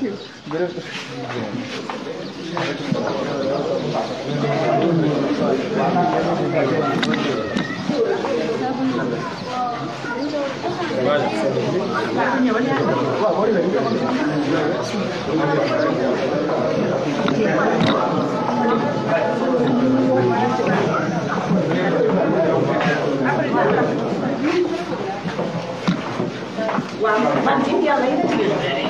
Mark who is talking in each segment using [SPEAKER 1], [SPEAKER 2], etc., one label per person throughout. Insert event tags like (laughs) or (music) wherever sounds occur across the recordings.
[SPEAKER 1] 我
[SPEAKER 2] 我今天来得
[SPEAKER 1] 迟。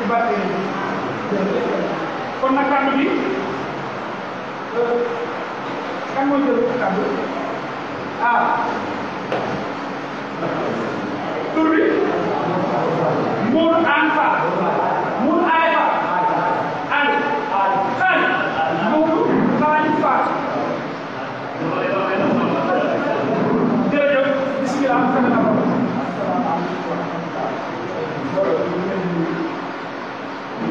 [SPEAKER 2] ci barke kon nag kàddu bi euh, kan mooy jël kàddu ah tur bi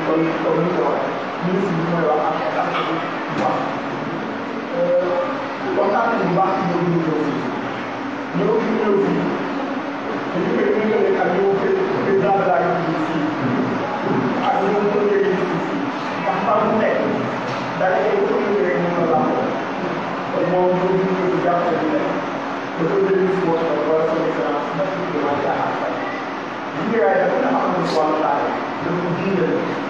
[SPEAKER 1] この人はニュースに声はあったかくまあ分かってもバックのニュースニュースニュースにめぐるかにおけるだらいにしあにおけるにし頑張って誰がおけるにもらうもうニュースやってみて僕でニュースをしたらそれからなってきました。Here I am, I'm on the one side. Look at you.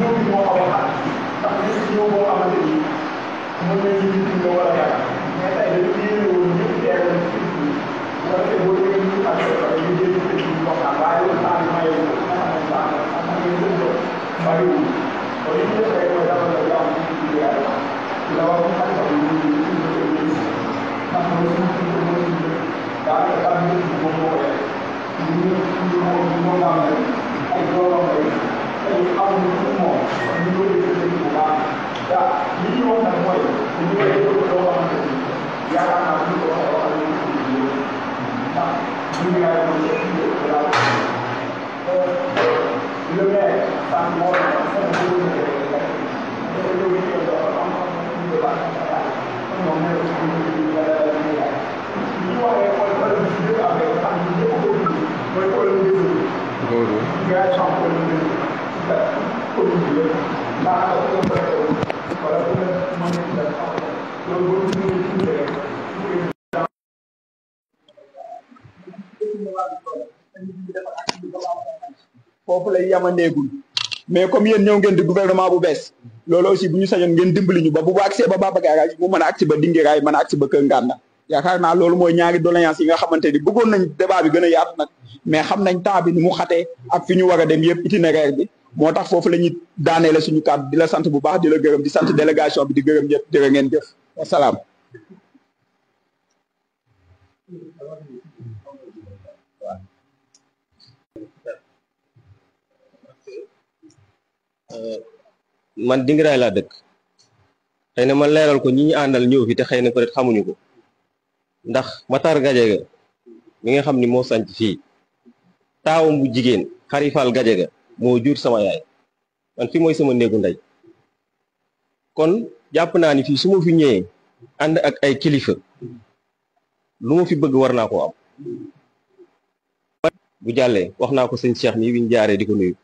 [SPEAKER 1] ñoom moo xaw a xaar ndax ñëpp ñoo boo xamante ni mën nañu nit ñi war a yàq mais tey dañu yéene woon ñëpp teew nañ ci bi bu ko defee boo déggee ñu ak ñu jël ci ci waxtaan waaye lu tax ma yow am ngeen jëm ko bari wu ko li ñu def rek mooy dama la jàmm ci ci yaay la ci la wax ak sa ñu ñu ci ko ñu ndax mo ñu ci ko mo ci da ka tam ñu ko mo ko ñu ñu mo mo ma ay doom ay Guru. Yeah, some a def loolu boo ñu ñëwee ci bu
[SPEAKER 3] foofu lay yamandeegul mais comme yéen ñëw ngeen di gouvernement bu bees loolu aussi bu ñu sañoon ngeen dimbali ñu ba bu accès ba Babagarage mu mën a agsi ba Dingiraay mën a agsi ba Kër Nganda yaakaar naa loolu mooy ñaari doléance yi nga xamante ni bëggoon nañ débat bi gën a yaatu nag mais xam nañ temps bi mu xate ak fi ñu wara dem yëpp itinéraire bi motax fofu daané la suñu cadre di sante bu baax di gërëm di sante délégation bi di gërëm ñëpp jërë ngeen jëf wasalaam euh,
[SPEAKER 4] man dingiraay la dëkk xëy na ma leeral ko ñi ñi andal ñëw fi te xeyna ko rek xamuñu ko ndax matar gajega mi nga xamni ni moo fi taawu bu jigéen xarifal gajega moo jur sama yaay man fi mooy sama néegu ndey kon jàpp naa ni fii su ma fi ñëwee ànd ak ay kilifa lu ma fi bëgg war naa koo am bu jàllee wax naa ko seen Cheikh nii wiñ jaaree di ko nuyu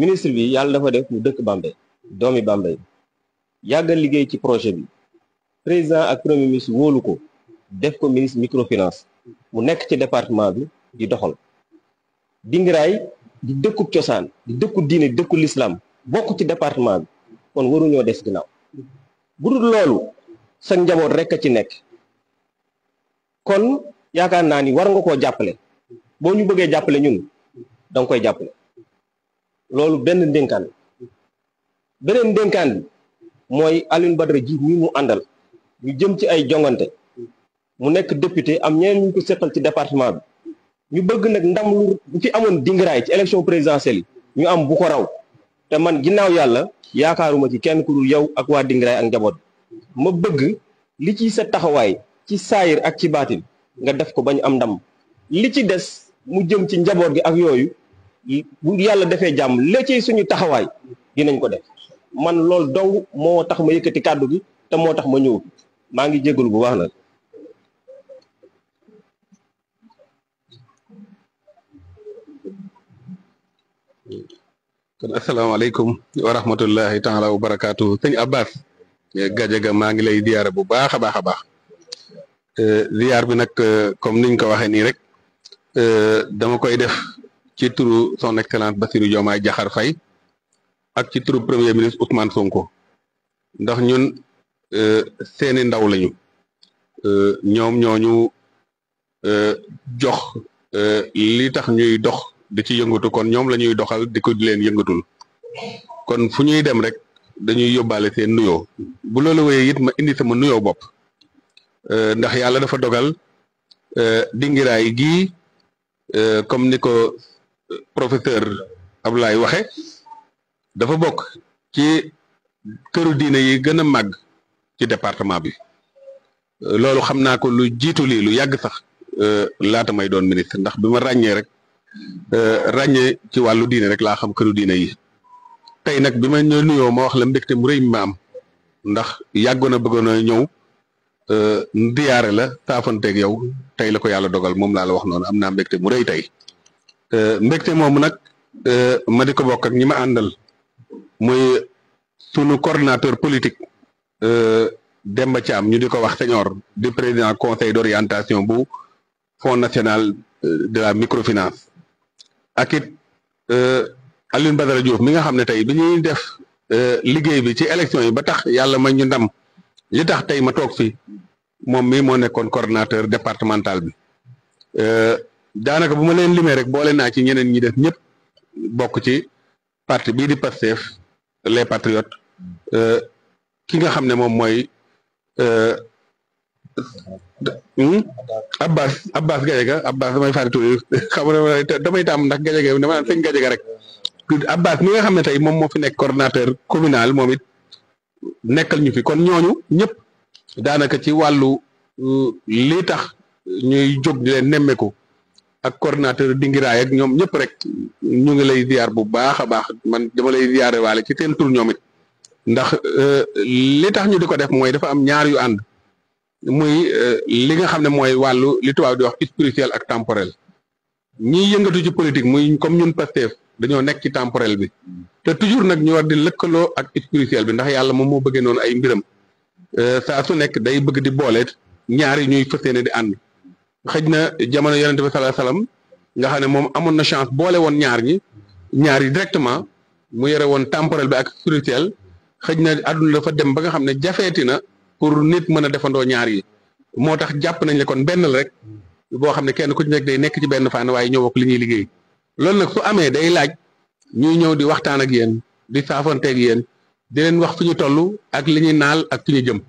[SPEAKER 4] ministre bi yàlla dafa def mu dëkk Bambey doomi Bambey yàggal liggéey ci projet bi président ak premier ministre wóolu ko def ko ministre microfinance mu nekk ci département bi di doxal dingiraay di dëkku cosaan di dëkku diine dëkku lislaam bokk ci département bi kon waruñoo des ginnaaw bu dul loolu sa njaboot rek a ci nekk kon yaakaar naa ni war nga koo jàppale boo ñu bëggee jàppale ñun da nga koy jàppale loolu benn ndénkaan beneen ndénkaan bi mooy Alioune Badara ji mi mu àndal ñu jëm ci ay jongante mu nekk député am ñeneen ñu ko seqal ci département bi ñu bëgg nag ndam lu bu fi amoon dingaraay ci élection présidentielle ñu am bu ko raw te man ginnaaw yàlla yaakaaruma ci kenn ku dul yow ak waa dingaraay ak njaboot ma bëgg li ci sa taxawaay ci saayir ak ci baatin nga def ko ba ñu am ndam li ci des mu jëm ci njaboot gi ak yooyu bu yàlla defee jàmm la ci suñu taxawaay dinañ ko de man loolu dong moo tax ma yëkkati kàddu gi te moo tax ma ñëw maa ngi jégalu bu baax nag
[SPEAKER 5] kon asalaamaaleykum wa rahmatullahi taala wa barakaatu sëñ Abbas eh, Gajaga maa ngi lay ziyaar bu baax a baax a baax eh, ziyaar bi nag eh, comme niñ ko waxee nii rek dama koy def ci turu son excellence Bassirou Diomaye Diakhar Faye ak ci turu premier ministre Ousmane Sonko ndax ñun seeni ndaw lañu ñoom ñooñu jox li tax ñuy dox di ci yëngatu kon ñoom la ñuy doxal di ko di leen yëngatul kon fu ñuy dem rek dañuy yóbbaale seen nuyoo bu loolu wéyee it ma indi sama nuyoo bopp euh, ndax yàlla dafa dogal euh, dingiraay gii euh, comme ni ko professeur Ablaye waxe dafa bokk ci këru diine yi gën a màgg ci département bi loolu xam naa ko lu jiitu lii lu yàgg sax laata may doon ministre ndax bi ma ràññee rek Euh, ràññee ci wàllu diine rek laa xam këru diine yi tey nag bi ma nuyoo ma wax la mbégte mu rëy mi ma am ndax yàggoon a bëggoon a ñëw euh, ndiyaare la taafanteeg yow tey la ko yàlla dogal moom laa la wax noonu am naa mbégte mu rëy tey euh, mbégte moomu nag ma di ko bokk ak ñi ma àndal muy sunu coordinateur politique Demba am ñu di ko wax señor di président conseil d'orientation bu Fonds national de la microfinance ak it euh, Alioune Badara Diouf mi nga xam ne tey bi ñuy def euh, liggéey bi ci élection yi ba tax yàlla ma ñu ndam li tax tey ma toog fi moom mii moo nekkoon coordonnateur départemental bi euh, daanaka bu ma leen limee rek boole naa ci ñeneen ñi def ñëpp bokk ci parti bii di Pastef les patriotes ki nga xam ne moom mooy Hmm? Abbas Abbas Gajaga Abbas damay fàtte tuuti xam nga damay tàmm ndax Gajaga dama naan sëñ Gajaga rek Abbas mi nga xam ne tey moom moo fi nekk coordonnateur communal moom nekkal ñu fi kon ñooñu ñëpp daanaka ci wàllu uh, lii tax ñuy jóg di leen nemmeeku ak coordonnateur dingiraay ak ñoom ñëpp rek ñu ngi lay ziar bu baax a baax man dama lay ziare waale ci seen tur ñoom it ndax uh, li tax ñu di ko def mooy dafa am ñaar yu ànd. muy euh, li nga xam ne mooy wàllu li tubaab di wax spirituel ak temporel ñi yëngatu ci politique muy comme ñun Pastef dañoo nekk ci temporel bi te toujours nag ñu war di lëkkaloo ak spirituel bi ndax yàlla moom moo bëggee noonu ay mbiram euh, saa su nekk day bëgg di boole ñaar yi ñuy fas yéene di ànd xëj na jamono yonente bi sallallahu nga xam ne moom amoon na chance boole woon ñaar ñi ñaar yi directement mu yore woon temporel bi ak spirituel xëj na àdduna dem ba nga xam ne jafeeti na pour nit mën a defandoo ñaar yi moo tax jàpp nañ la kon benn la rek boo xam ne kenn ku ci nekk day nekk ci benn fànn waaye ñoo bokk li ñuy liggéey loolu nag su amee day laaj ñuy ñëw di waxtaan ak yéen di saafoonteeg yéen di leen wax fi ñu toll ak li ñuy naal ak fi ñu jëm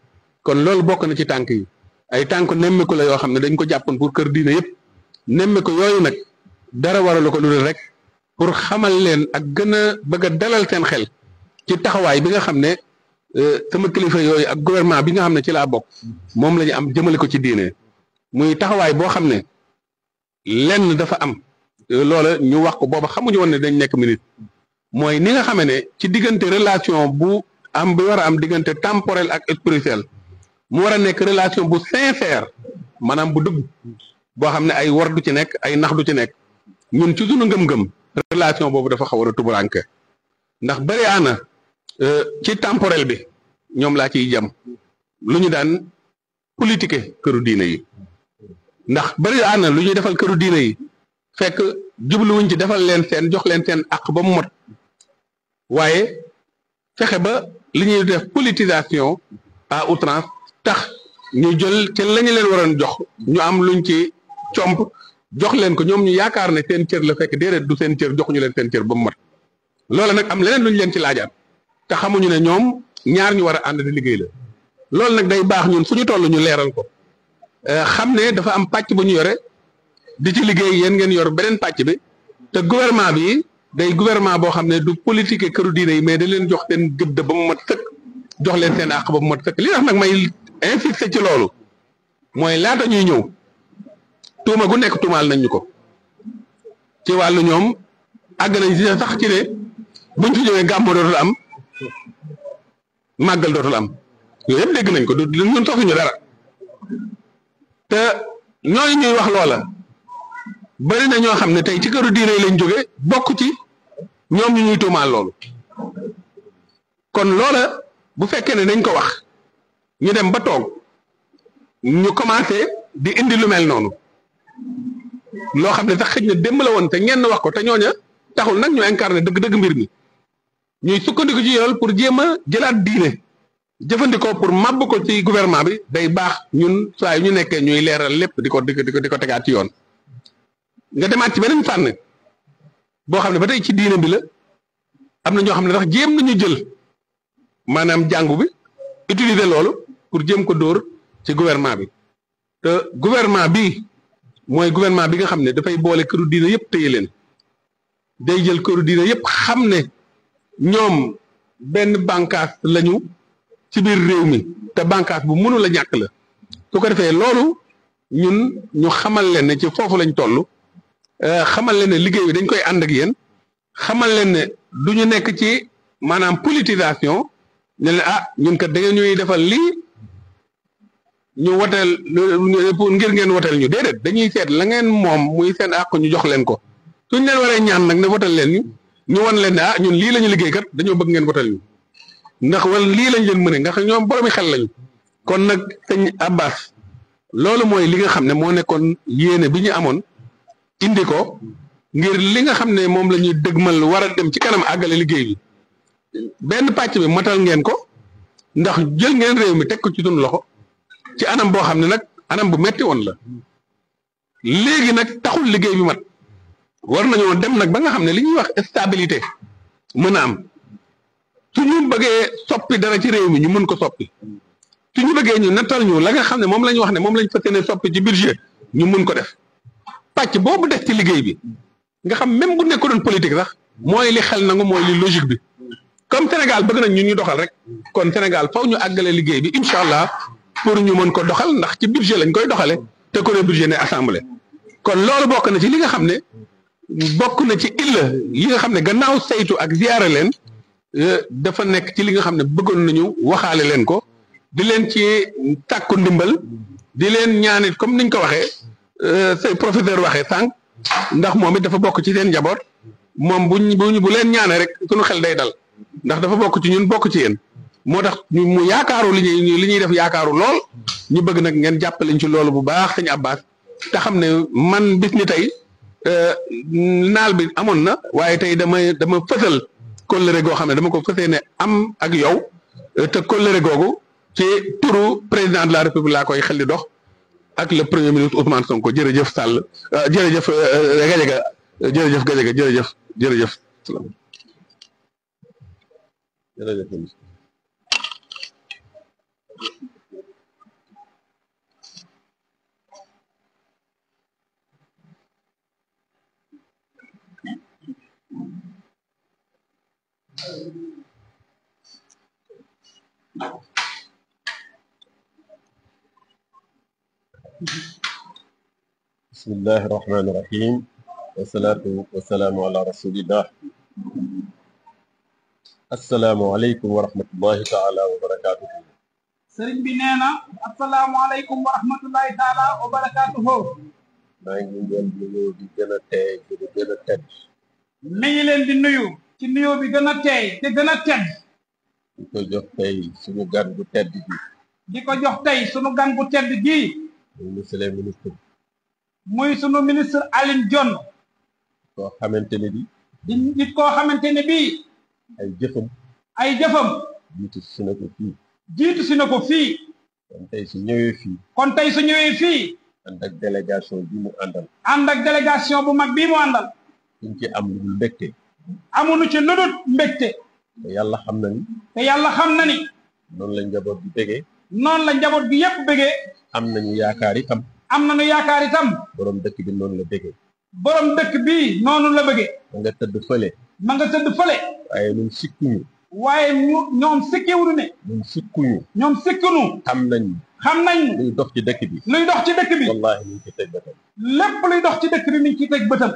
[SPEAKER 5] kon loolu bokk na ci tànk yi ay tànk nemmeeku la yoo xam ne dañ ko jàppoon pour kër diine yëpp nemmeeku yooyu nag dara waralu ko lu dul rek pour xamal leen ak gën a bëgg dalal seen xel ci Euh, sama kilifa yooyu ak gouvernement bi nga xam ne ci laa bokk moom la ñu am jëmale ko ci diine muy taxawaay boo xam ne lenn dafa am euh, loola ñu wax ko booba xamuñu woon ne dañ nekk ministre mooy ni nga xamee ne ci diggante relation bu am bi war a am diggante temporel ak spirituel mu war a nekk relation bu sincère maanaam bu dëgg boo xam ne ay war du ci nekk ay nax du ci nekk ñun ci sunu ngëm-ngëm relation boobu dafa xaw a tuburaanke ndax bëri ana Euh, ci temporel bi ñoom laa ciy jam lu ñu daan politique këru diine yi ndax bari bëri na lu ñuy defal këru diina yi fekk jubluwuñ ci defal leen seen jox leen seen àq ba mu mot waaye fexe ba li ñuy def politisation à outrance tax ñu jël ci lañu leen waroon jox ñu am luñ ci comp jox leen ko ñoom ñu yaakaar ne seen cër la fekk déedéet du seen cër jox ñu leen seen cër ba mu mat loola nag am leneen luñ leen ci laajaat te xamuñu ne ñoom ñaar ñu war a ànd di liggéey la loolu nag day baax ñun fu ñu toll ñu leeral ko euh, xam ne dafa am pàcc bu ñu yore di ci liggéey yéen ngeen yor beneen pàcc bi te gouvernement bi day gouvernement boo xam ne du politique këru diine yi mais da leen jox seen gëdd ba mu mat sëkk jox leen seen àq ba mu mat sëkk li tax nag may insisté ci loolu mooy laata ñuy ñëw tuuma gu nekk tuumaal nañ ñu ko ci wàllu ñoom àgg nañ si sax ci ne buñ fi ñëwee gàmmu dootul am. màggal dootul am yooyu yëpp dégg nañ ko du ñun taxuñu dara te ñooñu ñuy wax loola bari na ñoo xam ne tey ci këru diine lañ jóge bokk ci ñoom ñu ñuy tuumaal loolu kon loola bu fekkee ne dañ ko wax ñu dem ba toog ñu commencé di indi lu mel noonu loo xam ne sax xëj na démb la woon te ngeen wax ko te ñooña taxul nag ñu incarné dëgg-dëgg mbir mi ñuy sukkandiko ci yoon pour jéem a jëlaat diine jëfandikoo pour màbb ko ci gouvernement bi day baax ñun saa yu ñu nekkee ñuy leeral lépp di ko di ko di ko tegaat ci yoon nga demaat ci beneen fànn boo xam ne ba tey ci diine bi la am na ñoo xam ne tax jéem nañu jël maanaam jàngu bi utiliser loolu pour jéem ko dóor ci gouvernement bi te gouvernement bi mooy gouvernement bi nga xam ne dafay boole këru diine yépp téye leen day jël këru diine yépp xam ne ñoom benn bànqaas lañu ci biir réew mi te bànqaas bu mënu la ñàkk la su ko defee loolu ñun ñu xamal leen ne ci foofu lañ toll eh, xamal leen ne liggéey bi dañ koy ànd ak yéen xamal leen ne du ñu nekk ci maanaam politisation ne leen ah ñun kat da ngeen ñuy defal lii ñu woteel pour ngir ngeen woteel ñu déedéet dañuy seet la ngeen moom muy seen àq ñu jox leen ko suñ leen waree ñaan nag ne woteel leen ñu ñu wan leen ne ah ñun lii la ñu liggéey kat dañoo bëgg ngeen votal ñu ndax wala lii lañ leen mëne ndax ñoom boromi xel lañu kon nag sëñ Abbas loolu mooy li nga xam ne moo nekkoon yéene bi ñu amoon indi ko ngir li nga xam ne moom la ñuy dëgmal war a dem ci kanam àggale liggéey bi benn pàcc bi matal ngeen ko ndax jël ngeen réew mi teg ko ci duñ loxo ci anam boo xam ne nag anam bu metti woon la léegi nag taxul liggéey bi mat war nañoo dem nag ba nga xam ne li ñuy wax stabilité mën a am su ñu bëggee soppi dara ci réew mi ñu mën ko soppi su ñu bëggee ñu nattal ñu la nga xam ne moom la ñu wax ne moom la ñu fas yéene soppi ci budget ñu mën ko def pàcc boobu def ci liggéey bi nga xam même bu nekk nekkoon politique sax mooy li xel nangu mooy li logique bi comme Sénégal bëgg nañ ñun ñu doxal rek kon Sénégal faw ñu àggale liggéey bi incha allah pour ñu mën ko doxal ndax ci budget lañ koy doxale te ku ne budget ne kon loolu bokk na ci li nga xam ne bokk na ci illa yi nga xam ne gannaaw saytu ak ziyaara leen euh, dafa nekk ci li nga xam ne bëggoon na ñu waxaale leen ko di leen ci tàkku ndimbal di leen ñaane comme niñ ko waxee euh, say professeur waxee sànq ndax moom it dafa bokk ci seen njaboot moom buñ buñ bu leen ñaanee rek suñu xel day dal ndax dafa bokk ci ñun bokk ci yéen moo tax mu yaakaaru li ñuy li ñuy def yaakaaru lool ñu bëgg nag ngeen jàppaleñ ci loolu bu baax sëñ Abbas te xam ne man bis ni tey Euh, naal bi amoon na waaye tey damay dama fësal kóllëre goo xam ne dama ko fësee am ak yow euh, te kóllëre googu ci turu président de la république laa koy xeli dox ak le premier ministre Ousmane Sonko jërëjëf Sall euh, jërëjëf Gadiaga jërëjëf Gadiaga jërëjëf.
[SPEAKER 1] بسم
[SPEAKER 3] الله الرحمن الرحيم والصلاة والسلام على رسول الله
[SPEAKER 4] السلام عليكم ورحمة الله تعالى وبركاته
[SPEAKER 3] سرين بنانا السلام عليكم ورحمة الله تعالى وبركاته ما يجب أن يكون هناك تاج ولا تاج ما يلين ci nuyoo bi gën a teey te gën a tedd di ko jox tey sunu gan gu tedd gi di ko jox tey sunu gan gu tedd gii muy monsieur ministre muy sunu ministre Alioune Dione xamante ne bi di nit koo xamante ne bii ay jëfam ay jëfam jiitu si na ko fii jiitu si na ko fii kon tey su ñëwee fii kon tey su ñëwee ak délégation bi mu àndal ànd ak délégation bu mag bii mu àndal duñ ci am lu dul amuñu ci lu dul mbégte te yàlla xam na ni te yàlla xam na ni noonu la njaboot bi bégee noonu la njaboot bi yëpp bégee am nañu yaakaar itam am nañu yaakaar tam borom dëkk bi noonu la bégee borom dëkk bi noonu la bëggee ma nga tëdd fële ma nga tëdd fële waaye ñun sikkuñu waaye ñu ñoom sikkiwuñu ne ñun sikkuñu ñoom sikkuñu xam nañ xam nañ luy dox ci dëkk bi luy dox ci dëkk bi wallaahi ñu ngi teg bëtam lépp luy dox ci dëkk bi ñu ngi teg bëtam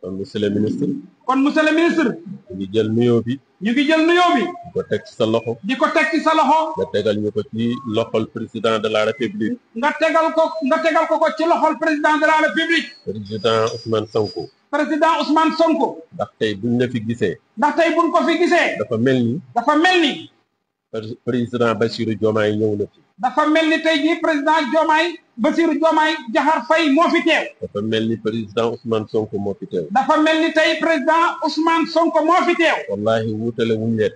[SPEAKER 3] kon monsieur le ministre. kon monsieur le ministre. ñu ngi jël nuyo bi. ñu ngi jël nuyo bi. di ko teg ci sa loxo. diko tek ci sa loxo. nga tegal ñu ko ci loxol président de la république. nga tegal ko nga tegal ko ko ci loxol président de la république. président Ousmane Sonko. président Ousmane Sonko. ndax tay buñ la fi gisee. ndax tay buñ ko fi gisee. dafa melni dafa melni président Bassirou Diomaye ñew na fi. dafa
[SPEAKER 2] mel ni tey jii président Diomaye Bassirou Diomaye Diakhar Faye moo fi teew.
[SPEAKER 3] dafa mel ni président Ousmane Sonko moo fi teew.
[SPEAKER 2] dafa mel ni tey président Ousmane Sonko moo fi teew.
[SPEAKER 3] wallaahi wuutale wuñ leen.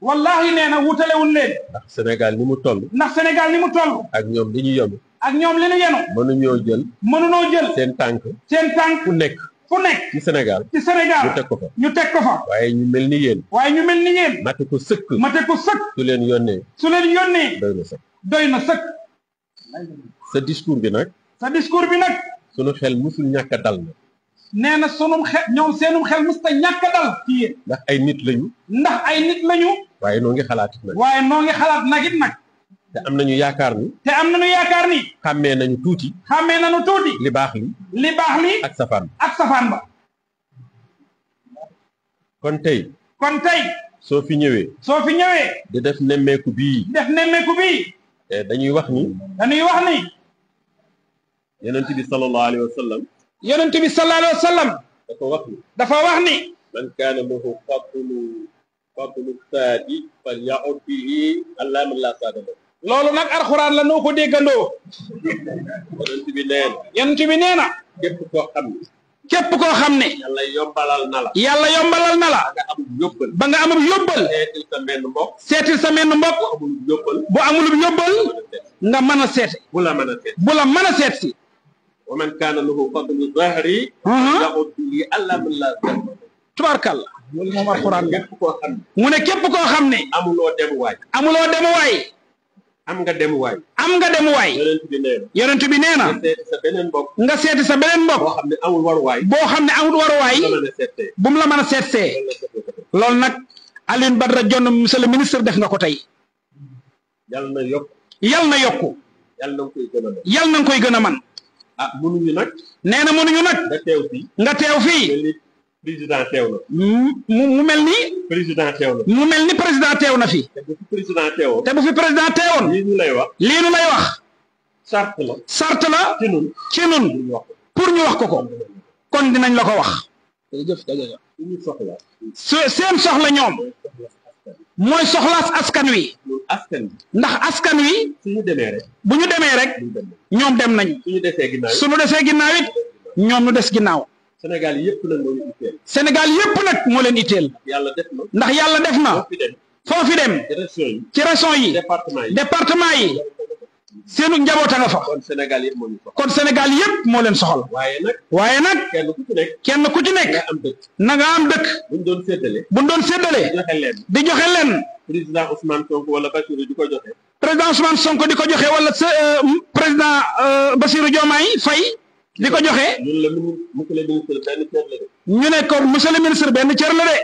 [SPEAKER 2] wallaahi nee na wuutale wuñ leen.
[SPEAKER 3] ndax Sénégal ni mu toll.
[SPEAKER 2] ndax Sénégal ni mu toll.
[SPEAKER 3] ak ñoom li ñu yomb.
[SPEAKER 2] ak ñoom li ñu yenu.
[SPEAKER 3] mënuñoo jël. mënuñoo jël. seen tànk. seen tànk ku nekk. fu nekk ci Sénégal ci Sénégal ñu teg ko fa ñu teg ko fa waaye ñu mel ni yéen waaye ñu mel ni yéen mate ko ko sëkk su leen yónnee su leen yónnee doy na sëkk. sa discours bi nag. sa discours bi nag. sunu xel musul ñàkk dal na. nee na sunum xel ñoom seenum xel musta ñàkk a dal ci ndax ay nit lañu. ndax ay nit lañu. waaye noo ngi xalaat nag. waaye noo ngi xalaat nag it nag. te am nañu yaakaar ni. te am nañu yaakaar ni. xàmmee nañu tuuti. xàmmee nañu tuuti. li baax li. li baax lii ak safaan ba ak safaan ba. kon tey. kon tey. soo fi ñëwee. soo fi ñëwee.
[SPEAKER 4] di def nemmeeku bii.
[SPEAKER 3] def nemmeeku bii. Eh, dañuy wax ni. dañuy wax ni. yonent bi sallallahu alayhi wa sallam. yonent bi sallallahu alayhi wa sallam. dafa wax ni. dafa wax ni. man kaana lahu fadlu fadlu saadi falya'ud bihi ala man laa saada lahu. loolu nag alxuraan la noo ko déggandoo. yonent bi nee na. yonent bi nee na. képp koo xam ni. képp koo xam ne. yàlla yombalal na la. yàlla yombalal na la. ba nga amub yóbbal. seetil sa menn mbokk. seetil sa menn mbokk. bu amulub yóbbal. nga mën a seet. bu la mën a seet. bu la mën a seet si. wa man kaana lahu fadlu zahri. Uh-huh. tubaarkàlla. mu ne képp koo xam ne. amuloo demuwaay. amuloo demuwaay. am nga dem waay. am nga dem waay. yonent bi nee na. yonent bi nga seet sa beneen mbokk. nga boo xam ne amul waruwaay. boo xam ne amul waruwaay.
[SPEAKER 1] bu mu la man a seet see.
[SPEAKER 3] loolu nag Alioune Badara jon monsieur le ministre def nga ko tey. yal na yokk. yal na yokku. yal nga koy gën a mën. yal na nga koy gën a mën. ah munuñu nag. nee na munuñu nag. nga teew fii. nga teew fii. président teew na. mu mu mel ni. président teew na. mu mel ni président teew na fi. te bu fi président teewoon. te bu fi président teewoon. lii nu lay wax. lii nu lay wax. sart la. sart la. ci nun ci nun pour ñu wax ko ko. kon dinañ la ko wax. jërëjëf jërëjëf. seen soxla ñoom. mooy soxlaas askan wi. askan wi ndax askan wi. suñu demee rek. bu ñu rek. ñoom dem nañ. suñu desee ginnaaw suñu desee ginnaaw it ñoom ñu des ginnaaw. Sénégal yëpp nag moo leen itteel. Sénégal yëpp nag moo leen itteel. yàlla def na ndax yàlla def na. foo fi dem ci région yi département yi seenu njaboot a nga fa kon Sénégal yëpp moo leen soxal kon Sénégal yëpp moo leen soxal waaye nag kenn ku ci nekk kenn ku ci na nga am dëkk buñ doon séddale buñ doon séddale di joxe leen président Ousmane Sonko wala Bassirou di ko joxe président Ousmane Sonko di ko joxe wala euh, président euh, Bassirou Diomaye Faye di ko joxe ñu ne ko monsieur le ministre benn cer la de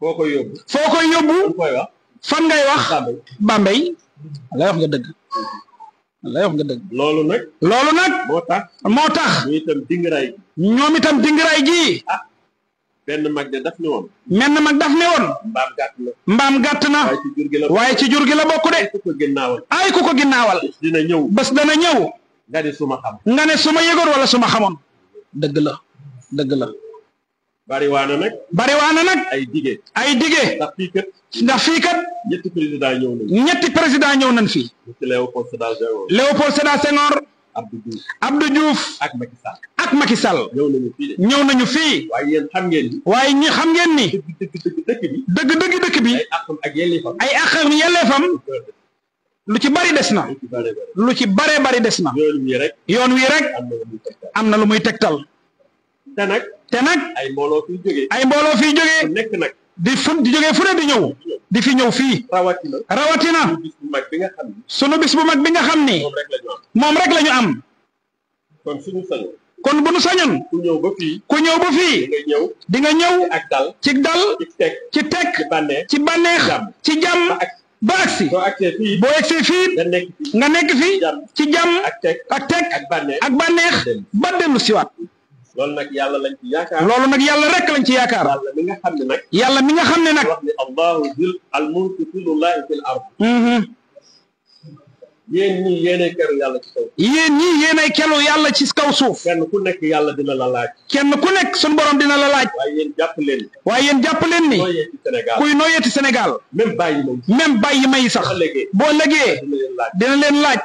[SPEAKER 3] foo koy yóbbu foo fan ngay wax bambay lay wax nga dëgg lay wax nga dëgg loolu nag loolu nag moo tax moo tax ñoom itam dingiraay ñoom ji ah, benn mag de daf ne woon menn mag daf ne woon mbaam gàtt na mbaam waaye ci jur gi la bokk de ay ku ko ginnaawal bés dana ñëw nga ne suma xam nga ne suma yëgoon wala suma xamone deug la deug la bari waana nak bari waana nak ay digge ay digge ndax fi kat ndax fi kat ñetti president ñew nañ ñetti president ñew nañ fi leopold Sédar Senghor Léopold Sédar Senghor Abdou Diouf Abdou Diouf ak Macky Sall ak Macky Sall ñew nañu fi ñëw nañu xam ngeen ni ñi xam ngeen ni deug deug deug bi bi ay akam ak fam ay yelle fam lu ci bari des na lu ci bare bare des na yoon wi rek am lu muy tektal te nak te nak ay mbolo fi joge ay mbolo fi joge nek nak di fu di joge fu di ñew di fi ñew fi rawatina rawatina sunu bis bu mag bi nga xamni mom rek lañu am kon suñu sañoon kon buñu nu ku ñew ba fi ku ñew ba fi di nga ñew ci dal ci tek ci teg ci banex ci jam ba agsi boo agsee fii nga nekk fii ci jàmm ak teg ak bànneex ba dellu siwaat loolu nag yàlla lañ ci yaakaar loolu nag yàlla rek lañ ci yaakaar yàlla mi nga xam ne nag yàlla mi nga xam ne nag wax ni allahu zil al mulku kullu lahi fil ard mhm. yéen ñii yéenay keru yàlla ci kaw. yàlla ci kaw suuf. kenn ku nekk yàlla dina la laaj. kenn ku nekk sunu borom dina la laaj. waaye yéen jàpp leen. waaye yéen jàpp leen ni. kuy noyeeti Sénégal. même bàyyi may. même bàyyi may sax. boo lëgee dina leen laaj.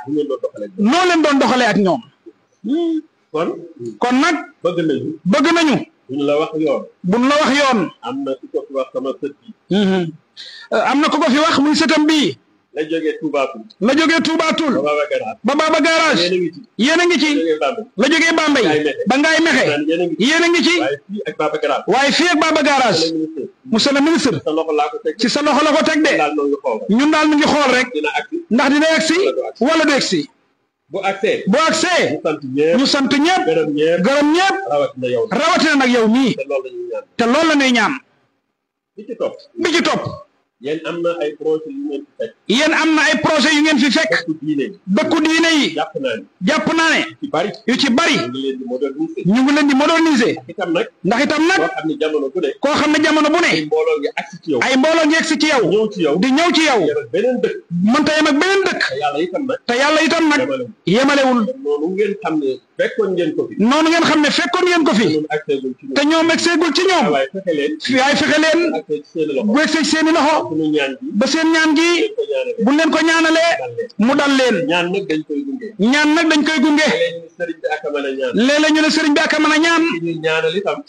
[SPEAKER 3] noo leen doon doxalee ak ñoom. Hmm. kon. nag. bëgg nañu. bëgg nañu. buñ la wax yoon. la yoon. am na ko hmm. na ko fi wax muy sëtam bii. la jógee Toubatoul. la jógee Toubatoul. ba Baba Garage. yéen a ngi ci. la jógee Bambey. ba Ngaye Mexe. yéen a ngi ci. waaye fii ak Baba Garage. monsieur le ministre. ci sa loxo la ko teg de. ñun daal ñu ngi xool rek. ndax dina si wala du agsi. bu agsee bu agsee ñu sant ñëpp gërëm ñëpp rawatina nag yow mi te loolu la ñuy ñaan bi ci topp yéen am na ay projets yu ngeen fi fekk. am na ay projets yu ngeen fi fekk. dëkku diine yi dëkku diine yi. jàpp naa ne yu ci bari yu ci bari. ñu ngi leen di moderniser. ñu ngi leen di moderniser. itam nag ndax itam nag. koo xam ne jamono bu ne. koo xam ne jamono bu ne. ay mbooloo ngi agsi ci yow. ay mbooloo ngi agsi ci yow. di ñëw ci yow di ñëw ci yow. beneen dëkk. mënta yem ak beneen dëkk. te yàlla itam nag. te yàlla itam nag. yemalewul noonu ngeen xam ne fekkoon ngeen ko fi. noonu ngeen xam ne fekkoon ngeen ko fi. te ñoom egseegul ci ñoom. waaye fexe leen. bu egsee seeni loxo ba seen ñaan gi bu leen ko ñaanale mu dal leen ñaan nak dañ koy gunge léeg-léeg ñu ne sëriñ bi aka mëna ñaan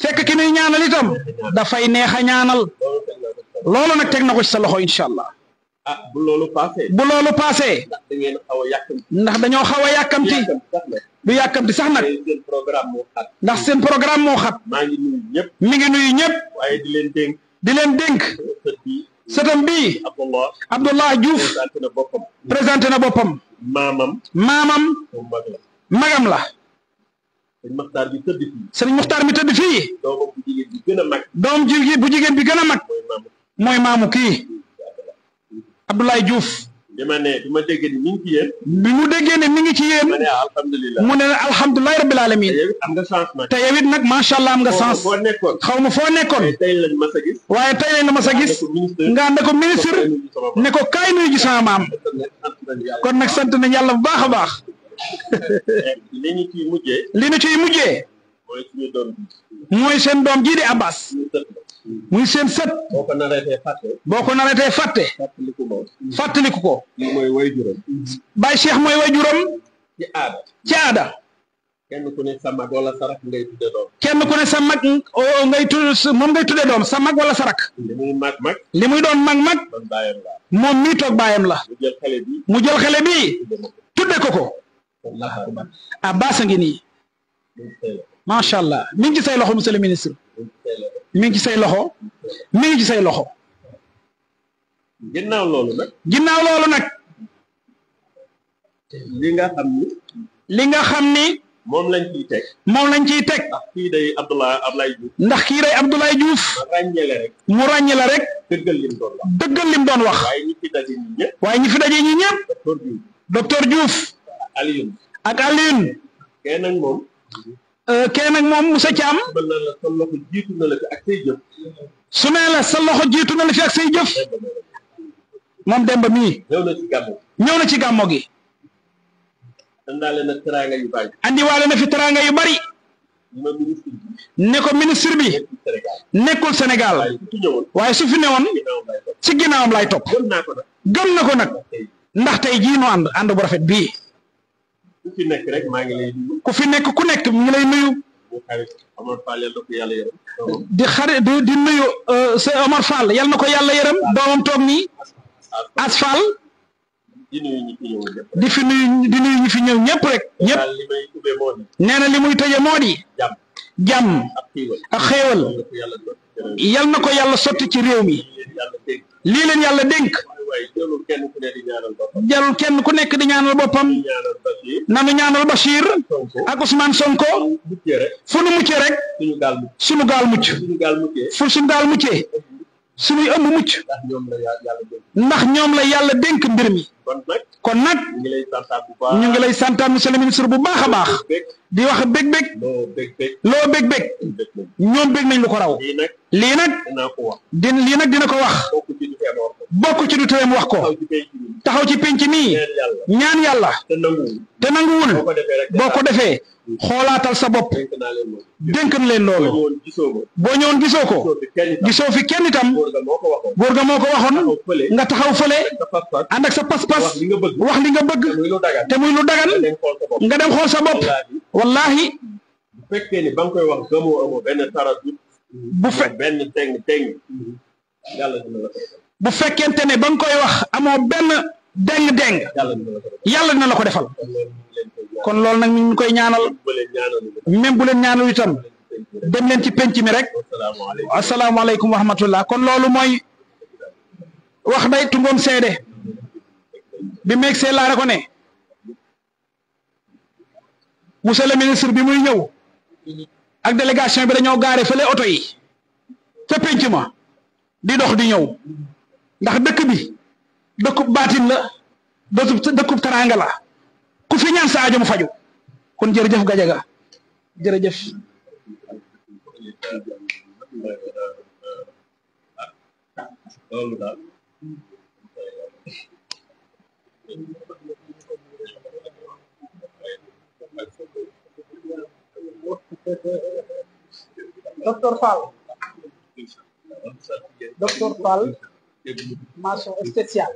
[SPEAKER 3] fekk ki nuy ñaanal itam da fay neexa ñaanal loolu nak tek na ko ci sa loxo inshallah ah, bu loolu passé ndax dañoo xaw a yàkkamti du yàkkamti sax nag ndax seen programme moo xat mi ngi nuyu ñëpp di leen dénk sëtam bii Abdullah Diouf présenté na boppam maamam maamam magam la sëñ Muxtaar bi tëdd fii bu jigéen bi gën a mag doom bu jigéen bi gën a mag mooy maamu kii Abdoulaye Diouf bi ma ne bi ma déggee ni mi ngi ci yéen. bi mu déggee ne mi ngi ci yéen. mu ne te yow it nag macha allah am nga sens. xaw ma foo nekkoon. waaye tey lañ la mas a gis. nga ànd ko ministre. ne ko kaay nuyu ji sama maam. kon nag sant nañ yàlla bu baax a baax. (laughs) li ñu ciy mujjee. li ñu ciy mujjee. mooy seen doom jii de Abbas. muy seen sët boo ko naratee fàtte boo ko naratee fàtte fàttaliku ko fàttaliku ko mooy way juróom mooy way juróom ci aada ci aada kenn ku ne sa mag ngay tudde doom kenn ku ne sa mag ngay tudd moom ngay sa mag wala sarak li muy mag mag doon mag mag moom mii toog baayam la mu jël xale bi tudde ko ko Abbas ah, a ngi nii macha allah mi ngi ci say loxo ministre
[SPEAKER 1] mi ngi ci say loxo
[SPEAKER 3] mi ngi ci say loxo. ginnaaw loolu nag. ginnaaw loolu nag. li nga nga xam ni. moom lañ ciy teg. moom lañ ciy teg. ndax kii day Abdoulaye Abdoulaye ndax kii day Abdoulaye Diouf. mu ràññee la rek. mu ràññee la rek. dëggal lim doon wax. dëggal lim waaye ñi fi daje ñi ñëpp. waaye ñi fi ak Alioune. ak Alioune. Euh, keneen ak moom Moussa Thiam. su nee la sa loxo jiitu na la fi ak say jëf. moom Demba mii. ñëw na ci gàmmo gi. ñëw na ci andiwaale na yu bari. na fi teraanga yu bari. ne ko ministre bi nekkul Sénégal waaye su fi newoon ci ginnaawam laay topp gëm na ko nag ndax tey jii nu bu rafet bii ku fi nekk rek maa ngi ku fi nekk ku nekk mu ngi lay nuyu. di xare di di nuyu euh, sëñ Omar yal na ko yàlla yërëm doomam toog nii asfal di fi nuyu di nuyu ñi fi ñëw ñëpp rek ñëpp nee na li muy tëje moo di jàmm ak xéewal
[SPEAKER 1] yal na ko yàlla sotti ci réew mi lii leen yàlla dénk jarul kenn ku nekk di ñaanal boppam.
[SPEAKER 3] jarul kenn ku nekk di ñaanal boppam. nanu ñaanal Bachir. ak Ousmane Sonko.
[SPEAKER 1] fu
[SPEAKER 3] nu muccee rek. suñu gaal mucc. fu suñu gaal muccee. suñuy ëmb mucc. ndax ñoom la yàlla dénk mbir mi. kon nag ñu ngi lay santaat monsieur le ministre bu baax a baax di wax beg bég loo bég bég ñoom bég nañ lu ko raw lii nag din lii nag dina ko wax bokk ci du teem wax ko taxaw ci penc mii ñaan yàlla te nanguwul boo ko defee xoolaatal sa bopp dénk na leen loolu boo ñëwoon gisoo ko gisoo fi kenn itam góor ga moo ko waxoon nga taxaw fële ànd sa pas pas-pas wax li nga bëgg te muy lu dagan nga dem xool sa bopp wallahi bu fekkee ni ba nga koy wax gëmoo amoo benn tarajut bu fe ben teng teng yàlla dina la bu fekkente ne ba nga koy wax amoo benn deng deng yàlla dina la ko defal
[SPEAKER 1] kon loolu nag ñu koy ñaanal même bu leen ñaanal itam dem leen ci penc mi rek
[SPEAKER 3] asalaamaaleykum wa rahmatullah kon loolu mooy wax day tungoom seede bi meeg see laare ko ne ministre bi muy ñëw ak délégation bi dañoo gaare fële oto yi ca penc ma di dox di ñëw ndax dëkk bi dëkkub baatin la dëkkub taraanga la ku fi ñaan sa aajo mu faju kon jërëjëf Gajaga jërëjëf
[SPEAKER 1] Dr. Fal, Dr. Fal,
[SPEAKER 3] Masuk Spesial,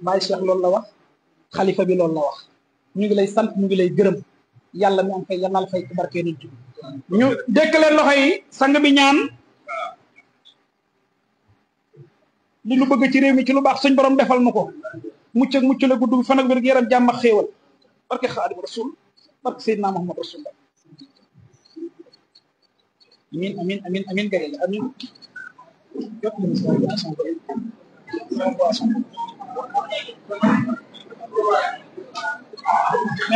[SPEAKER 3] Baye Cheikh loolu la wax xalifa bi loolu la wax ñu ngi lay sant ñu ngi lay gërëm Yalla mi am fay yàlla la fay ci barke nit ñu dëkk leen yi sang bi ñaan li lu bëgg ci réew defal mucc ak mucc la gudd fan ak wér yaram jàmm barke rasul barke muhammad rasul amin amin amin amin gare amin ya sa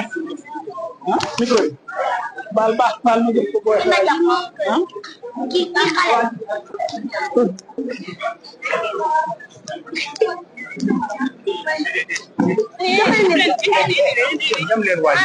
[SPEAKER 3] ko micro bal bal ma jël ko boy ki
[SPEAKER 1] ñam leen waay